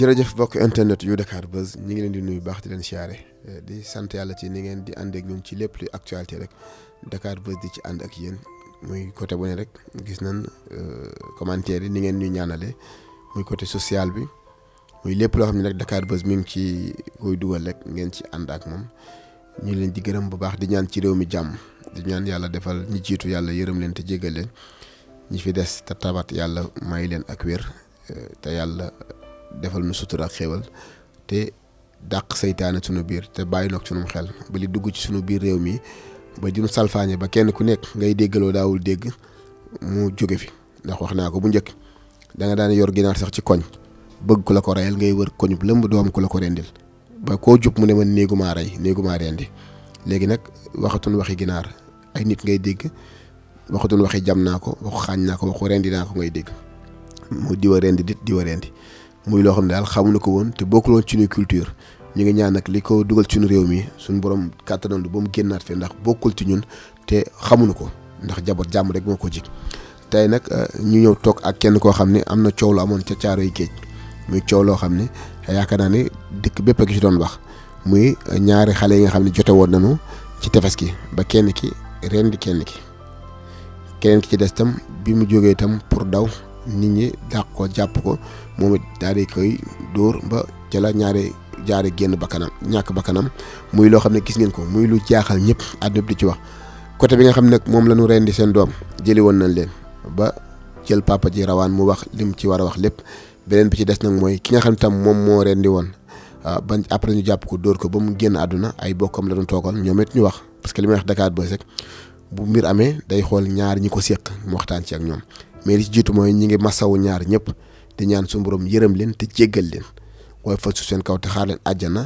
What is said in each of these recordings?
jërëjëf bokk internet yu Dakar Buzz ñi ngi leen di nuyu baax di leen siyaare eh, di sant yàlla ci ni ngeen di ànd ak ci lépp lu actualité rek Dakar Buzz di ci ànd ak yéen muy côté bu ne rek gis nañ eh, commentaire yi ni ngeen ñu ñaanale muy côté social bi muy lépp loo xam ne rek Dakar Buzz mi ngi ci koy dugal rek ngeen ci ànd ak moom ñu leen di gërëm bu baax di ñaan ci réew mi jàmm di ñaan yàlla defal ñu jiitu yàlla yërëm leen te jégal leen ñi fi des te tabat yàlla may leen ak wér eh, te defal nu sutura ak xéewal te dàq seytaane sunu biir te bàyyi noog sunum xel ba li dugg ci sunu biir réew mi ba dinu salfaañe ba kenn ku nekk ngay déggaloo daawul dégg mu jóge fi ndax wax naa ko bu njëkk da nga daan yor ginaar sax ci koñ bëgg ku la ko reyal ngay wër koñub lëmb doom ku la ko rendil ba koo jub mu ne man néegumaa rey néegumaa rendi léegi nag waxatun waxi ginaar ay nit ngay dégg waxatun waxi jam naa ko waxu xaañ naa ko waxu rendi naa ko ngay dégg mu diwa rendi dit diwa muy loo xam ne daal xamuñu ko woon te bokkuloon ci suñu culture ñu ngi ñaan nag li ko dugal ci suñu réew mi suñu borom kàttanandu ba mu génnaat fee ndax bokkul ci ñun te xamuñu ko ndax jaboot jàmm rek moo ko ji tey nag euh, ñu ñëw toog ak kenn koo xam ne am na coow lu amoon ca Caaroy Géej muy coow loo xam ne yaakaar naa ni dikk bépp ak ci doon wax muy ñaari xale yi nga xam ne jote woon nañu ci tefes gi ba kenn ki di kenn ki keneen ki ci des tam bi mu jógee tam pour daw nit ñi dàq ko jàpp ko moom it daal koy dóor ba ca ñaari jaari jaare génn bakkanam ñàkk bakkanam muy loo xam ne gis ngeen ko muy lu jaaxal ñëpp àdduna di ci wax côté bi nga xam ne moom la ñu rendi seen doom jëli nañ leen ba jël papa ji rawaan mu wax lim ci war a wax lépp beneen bi ci des nag mooy ki nga xam ne tam moom moo rendi woon ah, ba après ñu jàpp ko dóor ko ba mu génn àdduna ay bokkam la ñu toogal ñoom it ñu wax parce que li may wax Dakar Buzz rek bu mbir amee day xool ñaari ñi ko séq mu waxtaan ci ak ñoom mais li ci jiitu mooy ñi ngi masawu ñaar ñëpp di ñaan suñu borom yërëm leen te jéggal leen wooy fal su seen kaw te xaar leen àjjana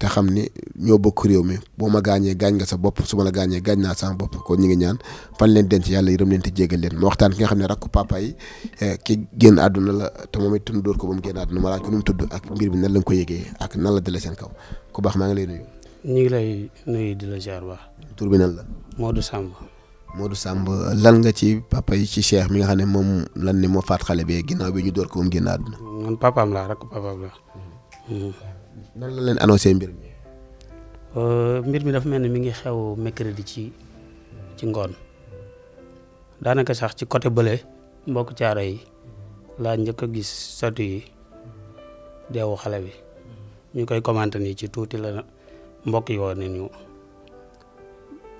te xam ni ñoo bokk réew mi boo ma gaañee gaañ nga sa bopp su ma la gaañee gaañ naa sama bopp ko ñi ngi ñaan fan leen denc yàlla yërëm leen te jéggal leen ma waxtaan ki nga xam ne rakku papa yi eh, ki génn àdduna la te moom it tund dóor ko ba mu génn àdduna ma laaj ko nu mu tudd ak mbir bi nan lañ ko yëgee ak nan la seen kaw maa ngi lay nuyu. ñu ngi lay di la ziar baax. tur bi nan la. Modou Samba. Modou Samb lan nga ci papa yi ci Cheikh mi nga xam ne moom lan ni moo faat xale bi ginnaaw bi ñu door ko moom génn àdduna. man papaam laa rek papaam laa. Hmm. mbir mi. Euh, mbir mi dafa mel ni mi ngi xew mercredi ci ci ngoon daanaka sax ci côté bële mbokk caaro yi laa njëkk a gis satu yi deewu xale bi ñu koy commenté nii ci tuuti la mbokk yi woon nañu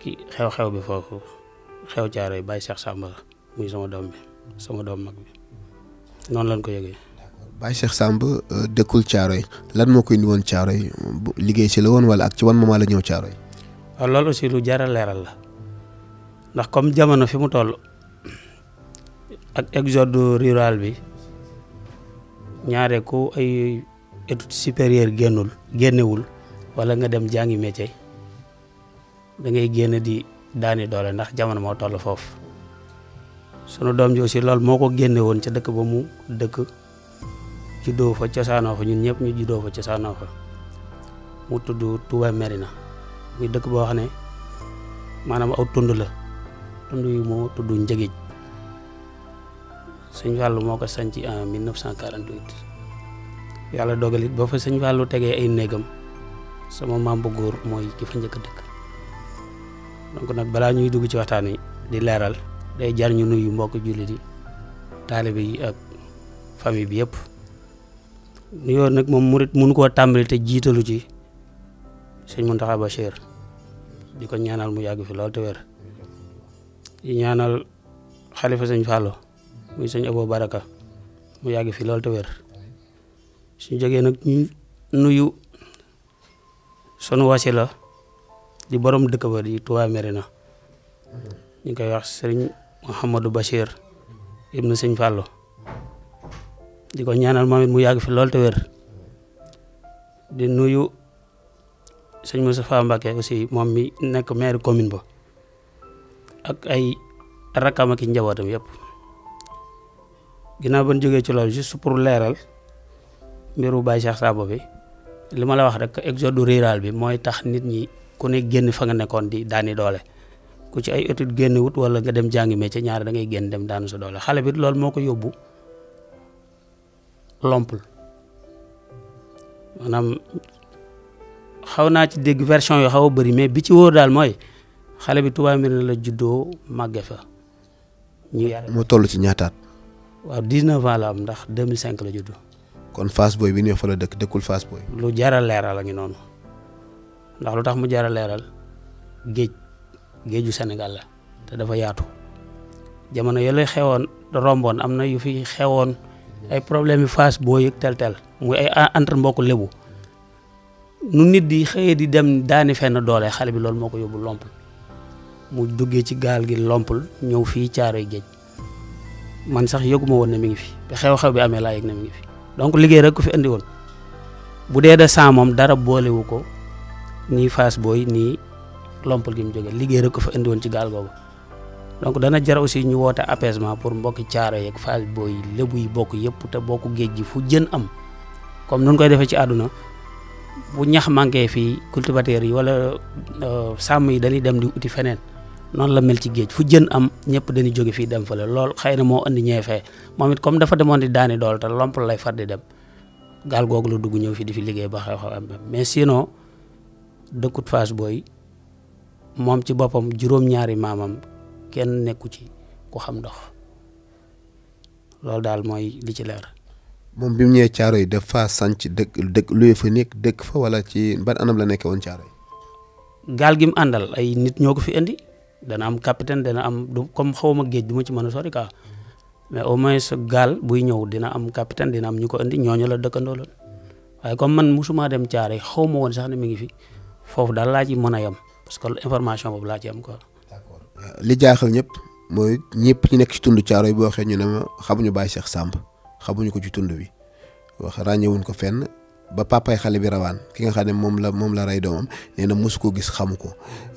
ki xew-xew bi foofu. xew caaro yi Baye Cheikh Sambara muy sama doom bi sama doom mag bi noonu lañ ko yëgee. Baye Cheikh Samb euh, dëkkul caaro yi lan moo ko indi woon caaro yi liggéey si la woon wala ak ci wan moment la ñëw caaro yi. waaw loolu aussi lu jar a leeral la ndax comme jamono fi mu toll ak exode rural bi ñaare ku ay études supérieures génnewul walla nga dem jàngi métier da ngay di. daani doole ndax jamono moo toll foofu sunu doom ji aussi loolu moo ko génne woon ca dëkk ba mu dëkk juddoo fa cosaanoo fa ñun ñëpp ñu juddoo fa cosaanoo fa mu tudd Touba Merina muy dëkk boo xam ne maanaam aw tund la tund yu moo tudd Njëgij sëñ Fallou moo ko sanc en 1948 yàlla dogal it ba fa sëñ Fallou tegee ay néegam sama maam bu góor mooy ki fa njëkk dëkk donc nag balaa ñuy dugg ci waxtaan wi di leeral day jar ñu nuyu mbokk jullit yi taalibe yi ak famille bi yëpp nu yoon nag moom mu mënu koo tàmbali te jiitalu ci sëñ Mountakha Bachir di ko ñaanal mu yàgg fi lool te wér di ñaanal xalifa sëñ Fallou muy sëñ Abo Baraka mu yàgg fi lool te wér suñ jógee nag nuyu nuyu sunu wasila di boroom dëkk ba di Touba Merina ñu koy wax sëriñ Mouhamadou Bachir na sëñ Fallou di ko ñaanal moom it mu yàgg fi lool te wér di nuyu sëñ Moustapha Mbacké aussi moom mi nekk maire commune ba ak ay rakkam ak i njabootam yëpp ginnaaw ba ñu jógee ci loolu juste pour leeral mbiru Baye Cheikh bi li ma wax rek exode rural bi mooy tax nit ñi ku ne génn fa nga nekkoon di daani doole ku ci ay étude génn wut wala nga dem jàngi métier ñaar dangay génn dem daanu sa doole xale bi lool moo ko yóbbu lompul maanaam xaw naa ci dégg version yoo xaw a bëri mais bi ci wóor daal mooy xale bi Touba Mbirina la juddoo màgge fa. ñu yàlla mu toll ci ñaataat. waaw 19 ans la am ndax 2005 la juddu. kon Fass booy bi ñëw fa la dëkk dëkkul Fass Boy. lu jaral leeral a ngi noonu. ndax lu tax mu jar a leeral géej géeju Sénégal la te dafa yaatu jamono yooyu xewoon romboon am na yu fi xewoon ay problème yu faas boo yëg tel tel muy ay entre mbokk lébu nu nit di xëyee di dem daani fenn doole xale bi loolu moo ko yóbbu lompul mu duggee ci gaal gi lompul ñëw fii caaroy géej man sax yëguma woon ne mi ngi fi te xew-xew bi amee laa yëg ne mi ngi fi donc liggéey rek ku fi indi woon bu dee de saa moom dara boolewu ko nii Fass booy nii Lompal gi mu jógee liggéey rek ko fa indi woon ci gaal googu donc dana jar aussi ñu woote apaisement pour mbokki caaro yeeg Fass Boy lébu yi bokk yëpp te bokku géej gi fu jën am comme nun koy defee ci àdduna bu ñax manqué fii cultivateurs yi wala euh, sàmm yi dañuy dem di uti feneen noonu la mel ci géej fu jën am ñëpp dañuy jóge fii dem fële lool xëy na moo indi ñeefee moom it comme dafa demoon di daani dool te Lompal lay far di dem gaal googu la dugg ñëw fi di fi liggéey ba xew-xew am mais sinon dëkkut Fass booy moom ci boppam juróom-ñaari maamam kenn nekku ci ku xam ndox loolu daal mooy li ci leer. moom bi mu ñëwee caaro yi dafa sànc dëkk dëkk luy fa nekk dëkk fa wala ci ban anam la nekkee woon caaro yi. gaal gi mu àndal ay nit ñoo ko fi indi dana am capitaine dana am du comme xaw ma géej du ma ci mën a sori quoi mais au moins gaal buy ñëw dina am capitaine dina am ñu ko indi ñooñu la dëkkandoo la waaye comme man musuma dem caaro yi xaw ma woon sax mi ngi fi. foofu daal laaj yi mën a yem parce que information boobu laaj ci ko li jaaxal ñëpp mooy ñëpp ñi nekk ci tund Caaroy boo waxee ñu ne ma xamuñu Baye Cheikh Samb xamuñu ko ci tund bi wax ràññewuñ ko fenn ba papay xale bi rawaan ki nga xam ne moom la moom la rey doom nee na mosu koo gis xamu ko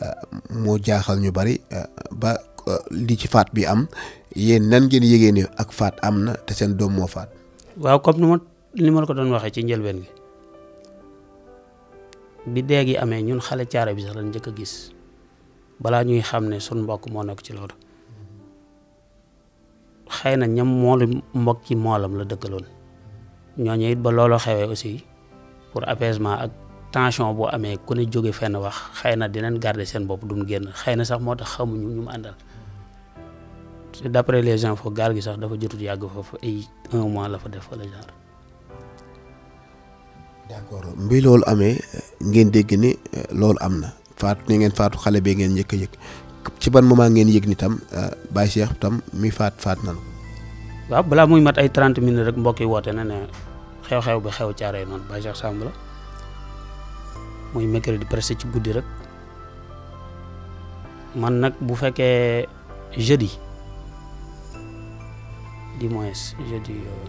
euh, moo jaaxal ñu bari euh, ba euh, li ci faat bi am yéen nan ngeen yégée ne ak faat am na te seen doom moo faat. waaw comme ni ma ko doon waxee ci njëlbeen gi. bi dee gi amee ñun xale caare bi sax lañ njëkk a gis balaa ñuy xam ne sun mbokk moo nekk ci loolu xëy na ñam moolu mbokk ci moolam la dëkkaloon ñooñu it ba looloo xewee aussi pour apaisement ak tension boo amee ku ne jóge fenn wax xëy na dinañ garder seen bopp duñ génn xëy na sax moo tax xamuñu ñu mu àndal d'après les infos gaal gi sax dafa jotut yàgg foofu ay un mois la fa def wala genre. d'accord bi loolu amee ngeen dégg ni euh, loolu am na faatu ni ngeen faatu xale bee ngeen njëkk a yëg ci ban moment ngeen yëg ni tam euh, Baye Cheikh tam mi faat faat na nan waaw balaa muy mat ay trent minutes rek mbokk yi woote na ne xew-xew bi xew caaree noonu Baye Cheikh Samb la muy mercredi presque ci guddi rek man nag bu fekkee jeudi dimanche jeudi euh,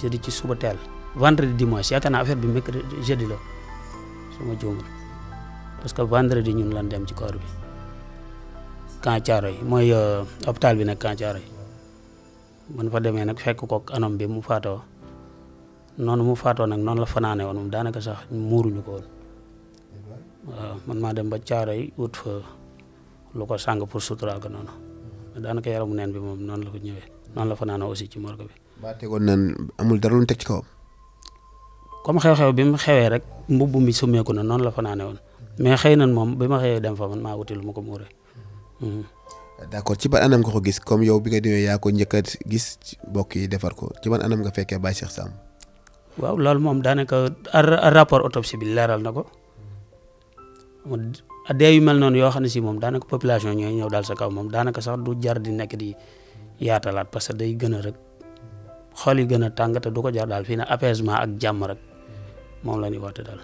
jeudi ci suba teel vendredi dimanche yaakaar naa affaire bi mercredi jeudi la. su ma juumul parce que vendredi ñun lan dem ci koor bi Kancaaro yi mooy euh, hôpital bi nag Kancaaro yi man fa demee nag fekk ko anam bi mu faatoo noonu mu faatoo nag noonu la fanaane woon moom daanaka sax muuruñu ko woon maa dem ba caaro yi wut fa lu ko sàng pour suturaal ko noonu daanaka neen bi moom noonu la ko ñëwee noonu la fanaane aussi ci morgue bi. ba tegoon naan amul dara lu teg ci kawam. comme xew-xew bi mu xewee rek mbubb mi summeeku na noonu la fanaane woon mais xëy na moom bi ma xëyee dem fa man maa wuti lu ma ko muuree. Mm-hmm. d'accord ci ban anam nga ko gis comme yow bi nga demee yaa ko njëkk a gis mbokk yi defar ko ci ban anam nga fekkee Baye Cheikh Samb. waaw loolu moom daanaka rapport autopsie bi leeral na ko dee yu mel noonu yoo xam ne si moom daanaka population ñooy ñëw daal sa kaw moom daanaka sax du jar di nekk di yaatalaat parce que day gën a rek xol yi gën a tàng te du ko jar daal fii ne apaisement ak jàmm rek. moom la ñuy woote daal.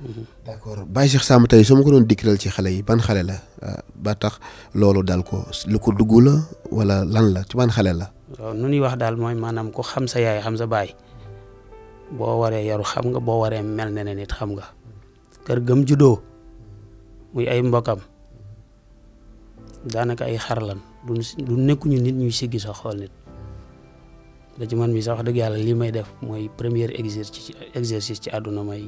Mhm. d'accord Baye Cheikh Samb tey su ma ko doon dikkiral ci xale yi ban xale la ah, ba tax loolu daal ko lu ko dugg la wala lan la ci ban xale la. waaw nu ñuy wax daal mooy maanaam ku xam sa yaay xam sa baay boo waree yaru xam nga boo waree mel ne ne nit xam nga kër gëm juddoo muy ay mbokkam daanaka ay xarlan du nekkuñu nit ñuy siggi sa xool nit. da ci man mi sax wax dëgg yàlla lii may def mooy premier exercice ci exercice ci may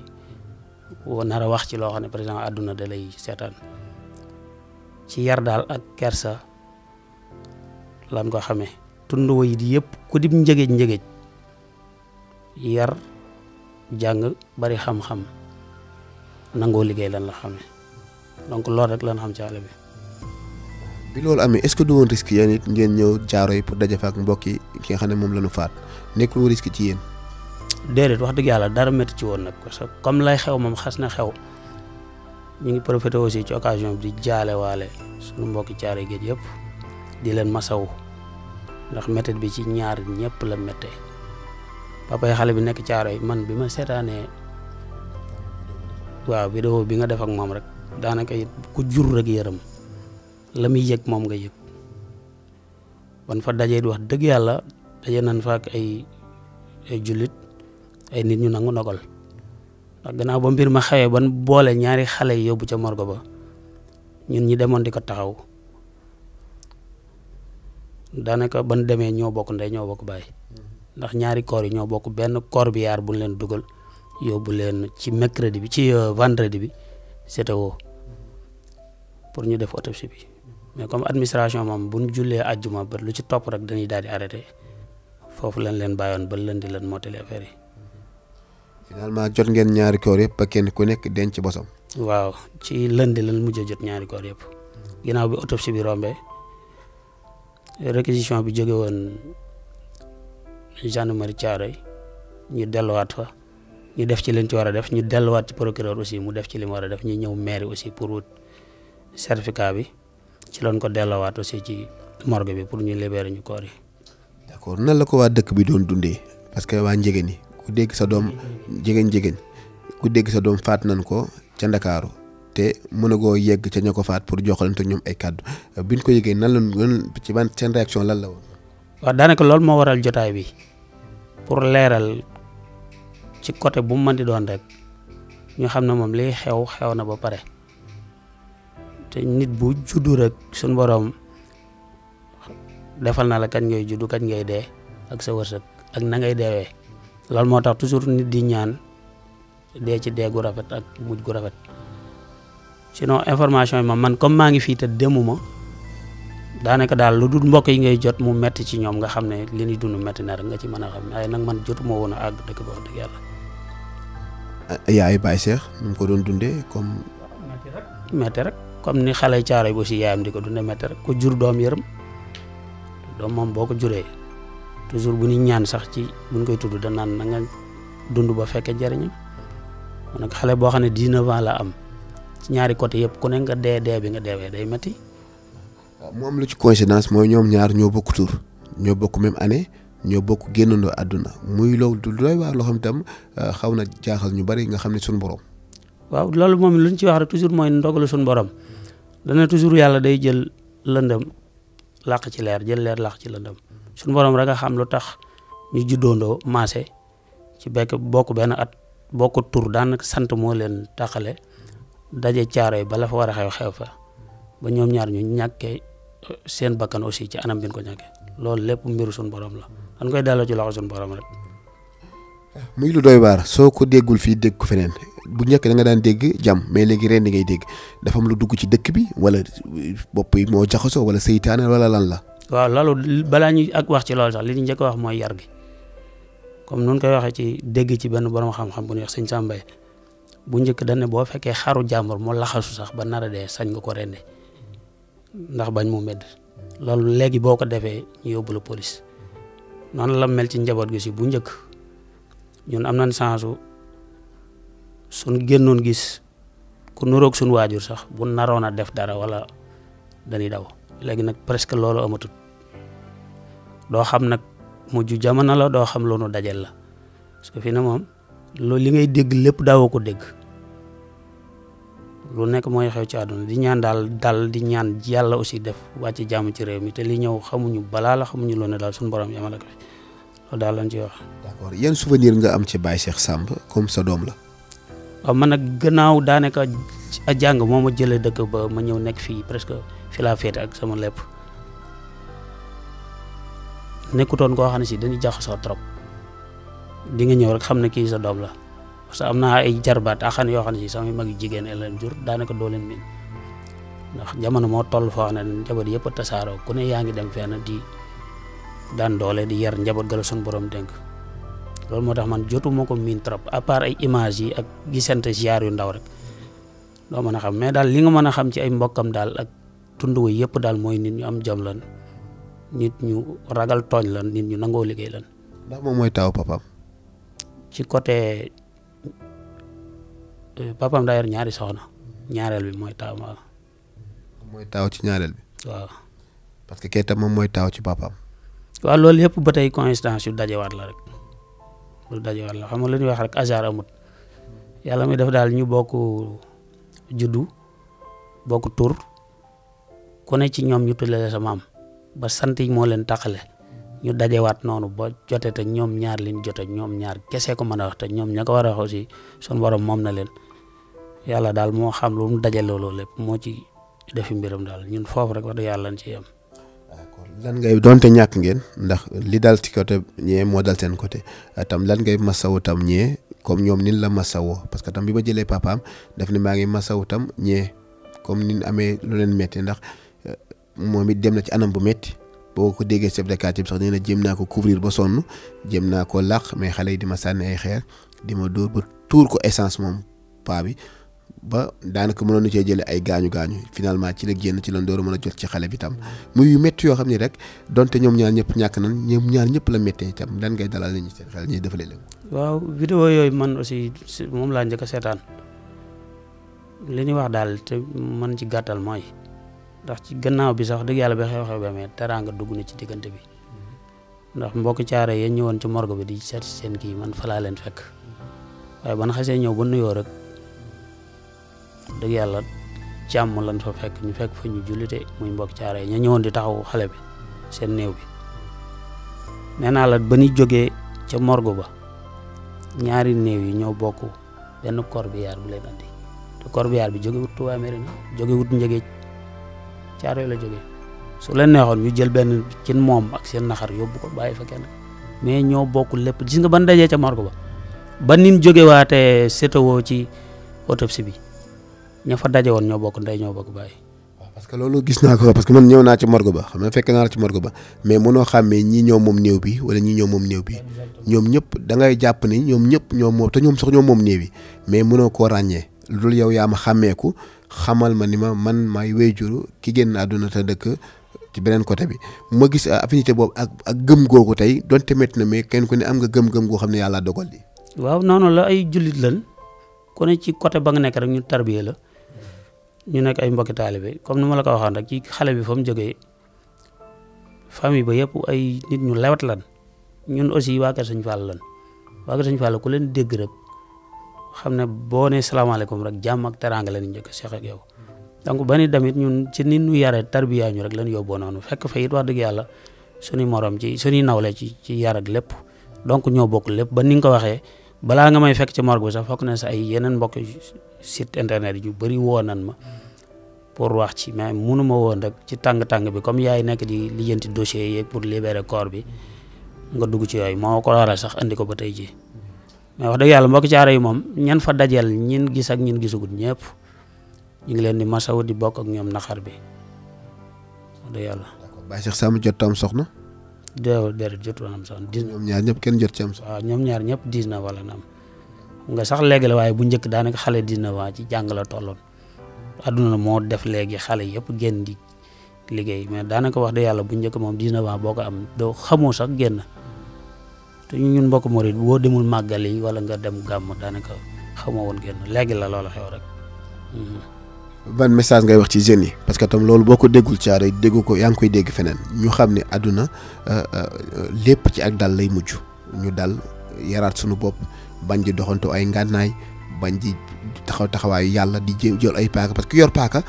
nar a wax ci loo xam ne par exemple àdduna da lay seetaan ci yar daal ak kersa lan ko xamee tund yi di yëpp ku dib njëgëj njëgëj yar jàng bari xam-xam nangoo liggéey lan la xamee donc loolu rek lan xam ci àll bi bi loolu amee est ce que du woon risque yéen it ngeen ñëw jaaro yi pour daje fa ak mbokk yi ki nga xam ne moom la ñu faat nekkul risque ci yéen. déedéet wax dëgg yàlla dara métti ci woon nag parce comme lay xew moom xas na xew ñu ngi profité aussi ci occasion di jaale waale suñu mbokki caare géej yëpp di leen ma masawu ndax métti bi ci ñaar ñëpp la mette papa yi xale bi nekk caaro yi man bi ma seetaanee waaw vidéo bi nga def ak moom rek daanaka it ku jur rek yërëm. la muy yëg moom nga yëg ban fa dajee di wax dëgg yàlla daje nañ fa ay ay jullit ay nit ñu nangu nogal ndax gannaaw ba mbir ma xewee ban boole ñaari xale yi yóbbu ca morgo ba ñun ñi demoon di ko taxaw daanaka ban demee ñoo bokk ndey ñoo bokk baay ndax ñaari koor yi ñoo bokk benn koor bi yaar buñ leen dugal yóbbu leen ci mercredi bi ci euh, vendredi bi seetewoo pour ñu def autopsie bi mais comme administration moom bu ñu jullee àjjuma ba lu ci topp rek dañuy daal di arrêté foofu lañ leen bayoon ba lëndi lan mottali affaire yi. finalement jot ngeen ñaari koor yëpp ba kenn ku nekk denc bosam. waaw ci lëndi lan mujj jot ñaari koor yëpp. ginnaaw bi autopsie bi rombé réquisition bi jóge woon gendarmerie Thiaroye ñu delluwaat fa ñu def ci liñ ci war a def ñu delluwaat ci procureur aussi mu def ci lim mu a def ñu ñëw mairie aussi pour wut certificat bi. ci loon ko delloowaat aussi ci morgo bi pour ñuy libérer ñu corps yi. nan la ko waa dëkk bi doon dundee parce que waa njëgën yi ku dégg sa doom jigéen jigéen ku dégg sa doom faat nañ ko ca Ndakaaru te mën a koo yegg ca ña ko faat pour joxalante ñoom ay kàddu bi biñ ko yëgee nan la lañ ci ban seen réaction lan la woon. waaw daanaka loolu moo waral jotaay bi pour leeral ci côté bu mu mën di doon rek ñu xam ne moom liy xew xew na ba pare. te nit bu juddu rek suñ borom defal na la kañ ngay juddu kañ ngay dee ak sa wërsëg ak na ngay deewee loolu moo tax toujours nit di ñaan dee ci dee gu rafet ak mujj gu rafet sinon information yi ma man comme maa ngi fii te demuma daanaka daal lu dul mbokk yi ngay jot mu metti ci ñoom nga xam ne li ñuy dund metti na rek nga ci mën a xam waaye nag man jotuma woon a àgg dëkk ba dëgg yàlla. yaay Baye Cheikh ñu ko doon dundee comme. metti rek. comme ni xale caaroy bu si yaayam di ko dunde metti rek ku jur doom yërëm doom moom boo ko juree toujours bu ñu ñaan sax ci buñ koy tudd da naan na dund ba fekkee jariñam mu nag xale boo xam ne dix-neuf la am ci ñaari côté yëpp ku ne nga dee dee bi nga deewee day metti moom lu ci coïncidence mooy ñoom ñaar ñoo bokk tur ñoo bokk même année ñoo bokk génnandoo àdduna muy loolu du doy waar loo xam itam euh, xaw na jaaxal ñu bari nga xam ne suñu borom. waaw loolu moom lu ci wax toujours mooy ndogalu suñu borom. dana toujours yàlla day jël lëndëm làq ci leer jël leer làq ci lëndëm suñu borom rek a xam lu tax ñu juddoondoo maase ci bekk bokk benn at bokk tur daanak sant moo leen taxale daje caaro yi bala fa war a xew xew fa ba ñoom ñaar ñu ñàkkee seen bakkan aussi ci anam bi ko ñàkkee loolu lépp mbiru suñu borom la dañ koy delloo ci loxo suñu borom rek. muy lu doy baar soo ko déggul fii dégg ko feneen bu njëkk da nga daan dégg jàmm mais léegi ren di ngay dégg dafa am lu dugg ci dëkk bi wala bopp yi moo jaxasoo wala seytaane wala lan la. waaw loolu balaa ñuy ak wax ci loolu sax li ñu njëkk wax mooy yar gi comme nun koy waxee ci dégg ci benn borom xam bu ñuy wax sëñ Samba bu njëkk dañ boo fekkee xaru jàmbur moo laxasu sax ba nar a dee sañ nga ko rende ndax bañ mu medd loolu léegi boo ko defee ñu yóbbu la police noonu la mel ci njaboot gi si bu njëkk. ñun am nañ chance suñ génnoon gis ku nuroog suñ waajur sax bu naroon a def dara wala dañuy daw léegi nag presque loolu amatul doo xam nag mujj jamono la doo xam loonu dajel la parce que fii ne moom loolu li ngay dégg lépp daawoo ko dégg lu nekk mooy xew ci àdduna di ñaan daal dal di ñaan yàlla aussi def wàcc jàmm ci réew mi te li ñëw xamuñu balaa la xamuñu loolu ne daal suñu borom yamala ko daal lañ ci wax. d'accord yan souvenir nga am ci Baye Cheikh Samb comme sa doom la. waaw man nag gannaaw daanaka a jàng moo ma jëlee dëkk ba ma ñëw nekk fii presque fi laa féete ak sama lépp nekkutoon koo xam ne si dañuy soo trop di nga ñëw rek xam ne kii sa doom la parce que am naa ay jarbaat axan yoo xam ne si samay mag yu jigéen yi leen jur daanaka doo leen miin ndax jamono moo toll foo xam ne jabar yëpp a tasaaroo ku ne yaa ngi dem fenn di. daan doole di yar njaboot gala suñu borom dénk loolu moo tax man jotuma ko miin trop à part ay images yi ak gisante ziar yu ndaw rek doo mën a xam mais daal li nga mën a xam ci ay mbokkam daal ak tund wu yëpp daal mooy nit ñu am jom lan nit ñu ragal tooñ lan nit ñu nangoo liggéey lan. ndax moom mooy taw papaam. ci côté euh, papaam daa yor ñaari soxna ñaareel bi mooy taw waaw. mooy taw ci ñaareel bi. waaw. parce que kee tam moom mooy taw ci papaam. waaw loolu yépp ba tey coïncidence yu daje waat la rek daje dajewaat la xam nga lu ñuy wax rek hasard amut yàlla muy def daal ñu bokk juddu bokk tur ku ne ci ñoom ñu tuddee sa maam ba sant yi moo leen taxale ñu dajewaat noonu ba jote te ñoom ñaar liñ jote ñoom ñaar kese ko mën a wax te ñoom ña ko war a wax aussi sun borom moom na leen yàlla daal moo xam lu mu daje looloo lépp moo ci defi mbiram daal ñun foofu rek wax da yàlla lañ ci yem lan ngay donte ñàkk ngeen ndax li dal ci côté ñee moo dal seen côté tam lan ngay masawu tam ñee comme ñoom nin la masawoo parce que tam bi ma jëlee papaam daf ne maa ngi masawu tam ñee comme nin amee lu leen métti ndax euh, moom it dem na ci anam bu métti boo ko déggee chef de quartier bi sax nee na jéem naa ko couvrir ba sonn jéem naa ko làq mais xale yi di ma sànni xeer di ma dóor ba tuur ko essence moom paa bi ba daanaka mënoon na cee jëlee ay gaañu gaañu finalement ci la génn ci lañ door mën a jot ci xale bi tam muy yu métti yoo xam ni rek donte ñoom ñaar ñëpp ñàkk nañ ñoom ñaar ñëpp la méttee itam lan ngay dalal nañu seen xel ñuy defalee leen. waaw vidéo yooyu man aussi moom laa njëkk seetaan li ñuy wax daal te man ci gàttal mooy ndax ci gannaaw bi sax dëgg yàlla ba xew-xew bi amee teraanga dugg na ci diggante bi ndax mbokk caare yéen ñëwoon ci morgue bi di seet seen kii man falaa leen fekk waaye ban xasee ñëw ba nuyoo rek. dëgg yàlla jàmm lan fa fekk ñu fekk fa ñu jullite muy mbokk caara yi ña ñëwoon di taxaw xale bi seen néew bi nee naa la ba ñu jógee ca morgo ba ñaari néew yi ñoo bokk benn corbillard bu bi jógewut Touba Mérina jógewut njëgee caaro yi la jógee su leen neexoon ñu jël benn cin moom ak seen naxar yóbbu ko bàyyi mais ñoo bokk lépp gis nga ban dajee ca morgo ba ba nin jógewaatee sétawoo ci autopsie bi ña fa daje woon ñoo bokk ndey ñoo bokk bàyyi. parce que loolu gis naa ko parce que man ñëw naa ci morgue ba xam nga fekk naa la ci morgue ba mais mënoo xàmmee ñii ñoo moom néew bi wala ñii ñoom ñëpp da ngay jàpp ni ñoom ñëpp ñoo moom te ñoom sax ñoo moom néew bi mais mënoo koo ràññee loolu yow yaa ma xàmmeeku xamal ma ni ma man maay wéyjuru ki génn àdduna te dëkk ci beneen côté bi ma gis affinité boobu ak ak gëm googu tey donte métti na mais kenn ku ne am nga gëm-gëm goo xam ne yàlla dogal li waaw noonu la ay jullit lan ku ci côté ba nga nekk rek ñu tarbiye la ñu nekk ay mbokki taalibe comme ni ma la ko waxoon rek ci xale bi fa mu jógee famille ba yëpp ay nit ñu lewat lan ñun aussi waa Kër Sëñ Fall lan waa Kër Sëñ Fall ku leen dégg xam ne boo nee salaamaaleykum rek jàmm ak teraanga la ñu njëkk a yow. donc ba ni damit ñun ci nit ñu yare tarbiyaa ñu rek lañ yóbboo noonu fekk fa it wax dëgg yàlla suñu morom ci suñuy nawle ci ci yar lépp donc ñoo bokk lépp ba ni nga ko waxee. balaa nga may fekk ci morgue bi sax fokk na sa ay yeneen mbokk sit internet yu bëri woo nan ma pour wax ci mais munuma woon rek ci tàng-tàng bi comme yaay nekk di lijjanti dossier yeeg pour libérer corps bi nga dugg ci yooyu moo ko waral sax andi ko ba tey ji mais wax dëgg yàlla mbokk caara yi moom ñan fa dajeel ñin gis ak ñin gisagut ñëpp ñu ngi leen di masawu di bokk ak ñoom naxar bi wax dëgg yàlla. d'accord Baye Cheikh Sam jot am soxna. deewul deret jotoon am sax dix ñoom ñaar kenn jot ci ñoom ñaar ñëpp dix na wala am nga sax léegi la waaye bu njëkk daanaka xale dix na waa ci jàng la tolloon adduna moo def léegi xale yëpp génn di liggéey mais daanaka wax dëgg yàlla bu njëkk moom dix na waa boo ko am doo xamoo sax génn te ñun mbokk morit woo demul màggal yi wala nga dem gàmm daanaka xamoo woon génn léegi la loola xew rek hmm. ban message ngay wax ci jeunes yi parce que tam loolu boo ko déggul caare dégg ko yaa ngi koy dégg feneen ñu xam ne àdduna euh, euh, lépp ci ak dal lay mujj ñu dal yaraat sunu bopp bañ ji doxantu ay ngànnaay bañ ji taxaw taxawaayu yàlla di jéem jël ay paaka parce que yor paaka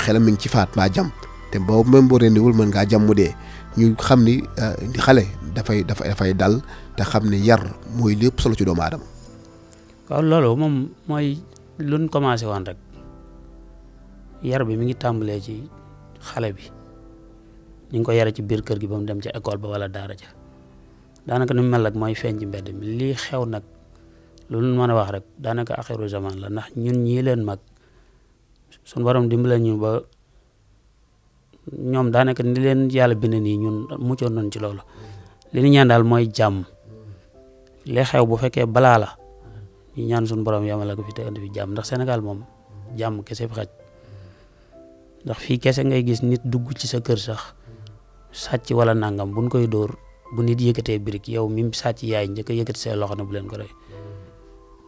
xelam mi ngi ci faat mbaa jam te boobu même boo rendiwul mën ngaa jam mu dee ñu xam ni euh, xale dafay dafay dafay dal te xam ne yar mooy lépp solo ci doomu aadama. waaw loolu moom mooy luñ commencé woon yar bi mi ngi tàmbalee ci xale bi ñu ko yare ci biir kër gi ba mu dem ca école ba walla daara ja daanaka ni mu mel mooy feeñ ci mbedd mi lii xew nag loolu mën a wax rek daanaka axiru zaman la ndax ñun ñii leen mag suñu borom dimbale ñu ba ñoom daanaka ni leen yàlla bind nii ñun muccoon nañ ci loolu li ñu ñaan daal mooy jàmm li xew bu fekkee balaa la ñu ñaan suñu borom yamala ko fi te fi jàmm ndax senegal moom jàmm kese xaj ndax fii kese ngay gis nit dugg ci sa kër sax sàcc wala nangam bu buñ koy dóor bu nit yëkkatee birig yow mi sàcc yaay njëkk a yëkkati say loxo ne bu leen ko rey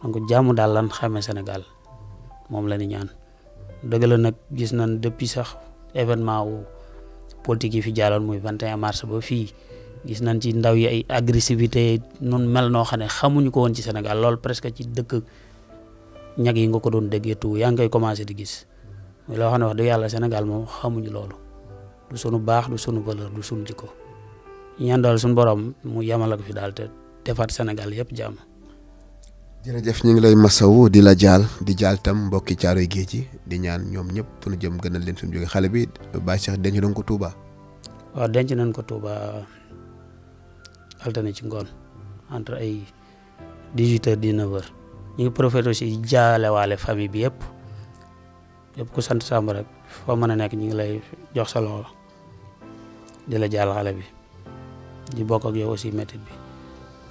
donc jàmm daal lan xame Sénégal moom lani ñu ñaan dëgg nag gis nañ depuis sax événement wu politique yi fi jàlloon muy 21 mars ba fii gis nañ ci ndaw yi ay agressivité nun mel noo xam ne xamuñu ko woon ci Sénégal lool presque ci dëkk ñag yi nga ko doon déggee tout yaa ngi koy commencé di gis muy loo xam ne wax dëgg yàlla Sénégal moom xamuñu loolu du sunu baax du sunu valeur du sunu jikko ñaan daal sunu borom mu yamal ak fi daal te defaat Sénégal yëpp jàmm. jërëjëf ñu ngi lay masawu di la jaal di jaal tam mbokki caaroy géej gi di ñaan ñoom ñëpp fu nu jëm gënal leen suñu jóge xale bi Baye Cheikh denc nañ ko Touba. waaw denc nañ ko Touba alterné ci ngoon entre ay 18 heures 19 heures ñu ngi profité aussi jaalewaale famille bi yëpp. yëpp ku sant Sàmb rek foo mën a nekk ñu ngi lay jox sa loxo di la jaal xale bi di bokk ak yow aussi métit bi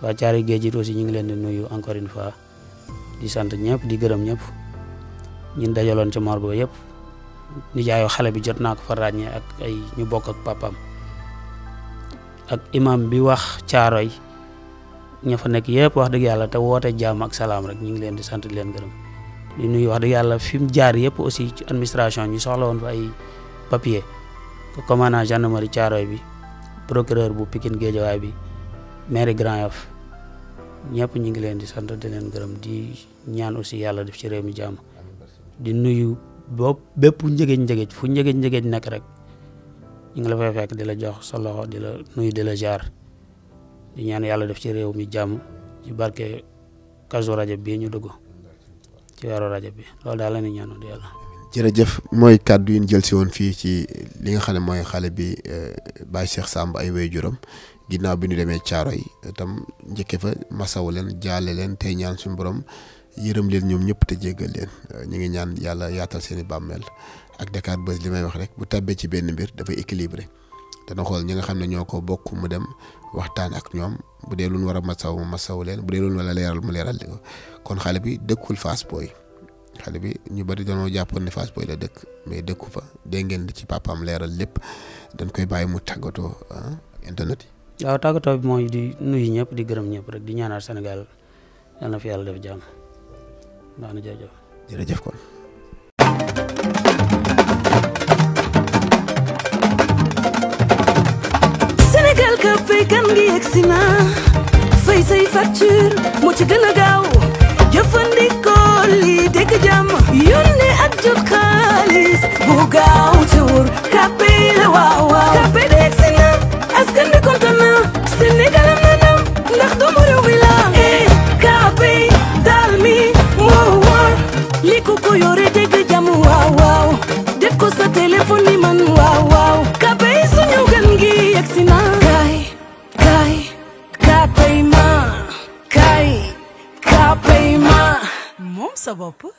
waa caari géej it aussi ñu ngi leen di nuyu encore une fois di sant ñëpp di gërëm ñëpp ñun dajaloon ci morgue yëpp nijaayu xale bi jot naa ko fa ràññee ak ay ñu bokk ak papam ak imam bi wax caaroy ña fa nekk yëpp wax dëgg yàlla te woote jaam ak salaam rek ñu ngi leen di sant di leen gërëm di nuyu wax dëgg yàlla fi mu jaar yëpp aussi ci administration ñu soxla woon fa ay papier commandant gendarmerie Thiaroye bi procureur bu Pikine Guédiawaye bi maire Grand Yoff ñëpp ñu ngi leen di sant di leen gërëm di ñaan aussi yàlla def ci réew mi jàmm di nuyu boo bépp njëgëj njëgëj fu njëgëj njëgëj nekk rek ñu ngi la fekk di la jox sa loxo di la nuyu di la jaar ñaan yàlla def ci réew mi jàmm ci barke kasu rajo bii ñu dugg ci weeru rajab bi loolu daal la ñuy ñaanal yàlla. jërëjëf mooy kàddu yi jël si woon fii ci li nga xam ne mooy xale bi eh, Baye Cheikh Samb ay waajuram ginnaaw bi ñu demee caaro yi tam njëkke fa masawu leen jaale leen tey ñaan suñu borom yërëm leen ñoom ñëpp te jéggal leen eh, ñu ngi ñaan yàlla yaatal seen i bàmmeel ak Dakar Buzz li may wax rek bu tàbbee ci benn mbir dafay équilibré dana xool ñi nga xam ne ñoo ko bokk mu dem waxtaan ak ñoom bu dee lu ñu war a masaw ma masaw leen bu dee lu ñu war a leeral ma leeral ko kon xale bi dëkkul Fass Boy xale bi ñu bari dañoo jàppoon ne Fass Boy la dëkk mais dëkku fa dégg ngeen di ci papaam leeral lépp dañ koy bàyyi mu tàggatoo ah, internet yi. waaw tàggatoo bi mooy di nuyu ñëpp di gërëm ñëpp rek di ñaanal Sénégal yal na fi yàlla def jàmm daanaka jërëjëf. jërëjëf kon. ka fay kan gi yegsi na fay say facture moo ci gën a gaaw jëfandikoo lii dégg jàmm yónnee ak jot xaalis bu gaaw